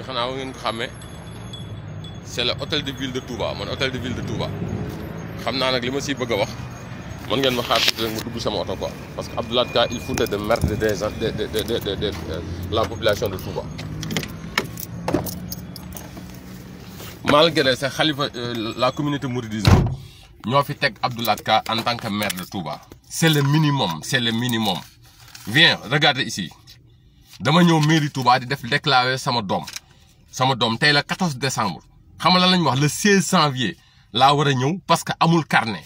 bi xanaa war ngeen ko xàmmee c'est le hôtel de ville de Touba man hôtel de ville de Touba xam naa nag li ma siy bëgg a wax man ngeen ma xaar tuuti dugg sama oto quoi parce que Abdoulaye Ka il foutait de merde des des des euh, la population de Touba. malgré sa xalifa euh, la communauté mouridisme ñoo fi teg Abdoulaye Ka en tant que maire de Touba. c'est le minimum c'est le minimum viens regarde ici dama ñëw mairie Touba di def déclarer sama doom. sama doom tey la 14 décembre xam nga lan lañ wax le 16 janvier laa war a ñëw parce que amul carnet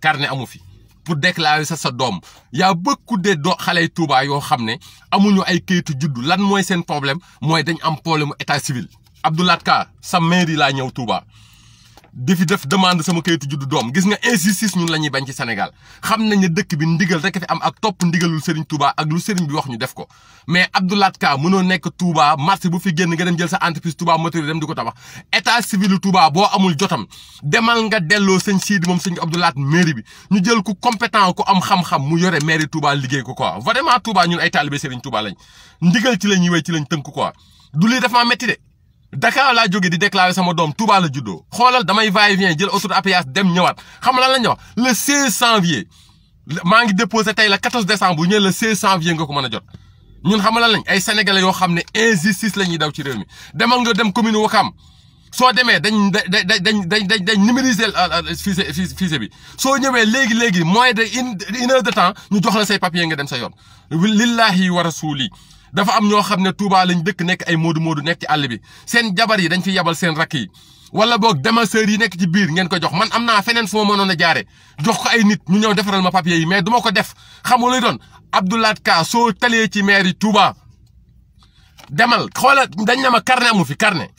carnet amu fi pour déclarer sa sa doom y'a beaucoup de doo xaley tuubaa yoo xam ne amuñu ay kayitu juddu lan mooy seen problème mooy dañu am problème état civil Abdou Lahad Ka sa mairie laa ñëw tuubaa di fi def demande sama kayitu juddu doom gis nga injustice ñun la ñuy bañ ci Sénégal xam nañ ne dëkk bi ndigal rek fi am ak topp ndigalul Serigne Touba ak lu Serigne bi wax ñu def ko. mais Abdoulaat Ka mënoo nekk Touba marché bu fi génn nga dem jël sa entreprise Touba matériel dem di ko tabax état civil Touba boo amul jotam demal nga delloo sëñ Sidi moom sëñ Abdoulaat mairie bi ñu jël ku compétent ku am xam-xam mu yore mairie Touba liggéey ko quoi vraiment Touba ñun ay taalibe Serigne Touba lañ ndigal ci la ñuy wéy ci lañ tënk quoi du Dakar laa jóge di déclarer sama doom Touba la juddoo xoolal damay va vient jël autoroute à péage dem ñëwaat xam lan la ñu wax le 16 janvier maa ngi déposé tey la 14 décembre bu ñëwee le 16 janvier nga ko mën a jot. ñun xam lan lañ ay sénégalais yoo xam ne injustice la ñuy daw ci réew mi demal nga dem commune Wakam soo demee dañ dañ dañ dañ dañ numériser euh, euh, fichier fichier bi soo ñëwee léegi léegi moins de une heure de temps ñu jox la say papier nga dem sa yoon. lillahi wa rasuli dafa am ñoo xam ne Touba lañ dëkk nekk ay moodu-moodu nekk ci àll bi seen jabar yi dañ fi yebal seen rakk yi wala boog démasseurs yi nekk ci biir ngeen ko jox man am naa feneen foo ma mënoon a jaare jox ko ay nit ñu ñëw defaral ma papier yi mais du ko def xam nga lay doon Abdoulaye Ka soo talee ci maire yi Touba demal xoola dañ ne ma carnet amu fi carnet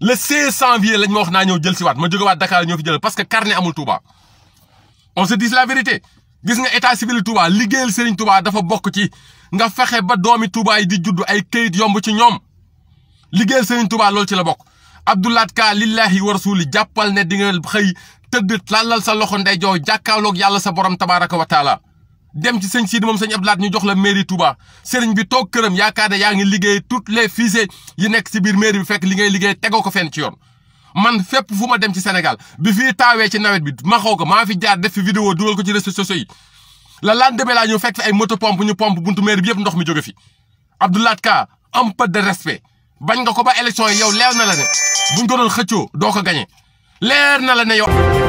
le 16 janvier lañ ma wax naa ñëw jël si waat ma jóge waat Dakar ñoo fi jël parce que carnet amul on se dit la gis nga état civil Touba liggéeyal Serigne tubaa dafa bokk ci nga fexe ba doomi tubaa yi di judd ay këyit yomb ci ñoom liggéeyal Serigne Touba loolu ci la bokk. Abdoulaat Ka lillahi wa rasuli jàppal ne di nga xëy tëdd làllal sa loxo ndeyjoo jàkkaarloog yàlla sa borom tabaaraka wa taala dem ci sëñ Sidi moom sëñ Abdoulaat ñu jox la mairie Touba sëriñ bi toog këram yaakaar ne yaa ngi liggéey toutes les fusées yi nekk ci biir mairie bi fekk li ngay liggéey tegoo ko fenn ci yoon. man fépp fu ma dem ci Sénégal bi fii taawee ci nawet bi ma xaw ko maa fi jaar def fi vidéo dugal ko ci réseaux sociaux yi la lendemain laa ñëw fekk fi ay moto pomp ñu pomp buntu maire bi yëpp ndox mi jóge fi Abdoulaye Ka un peu de respect bañ nga ko ba élection yi yow leer na la ne buñ ko doon xëccoo doo ko gañe leer na la ne yow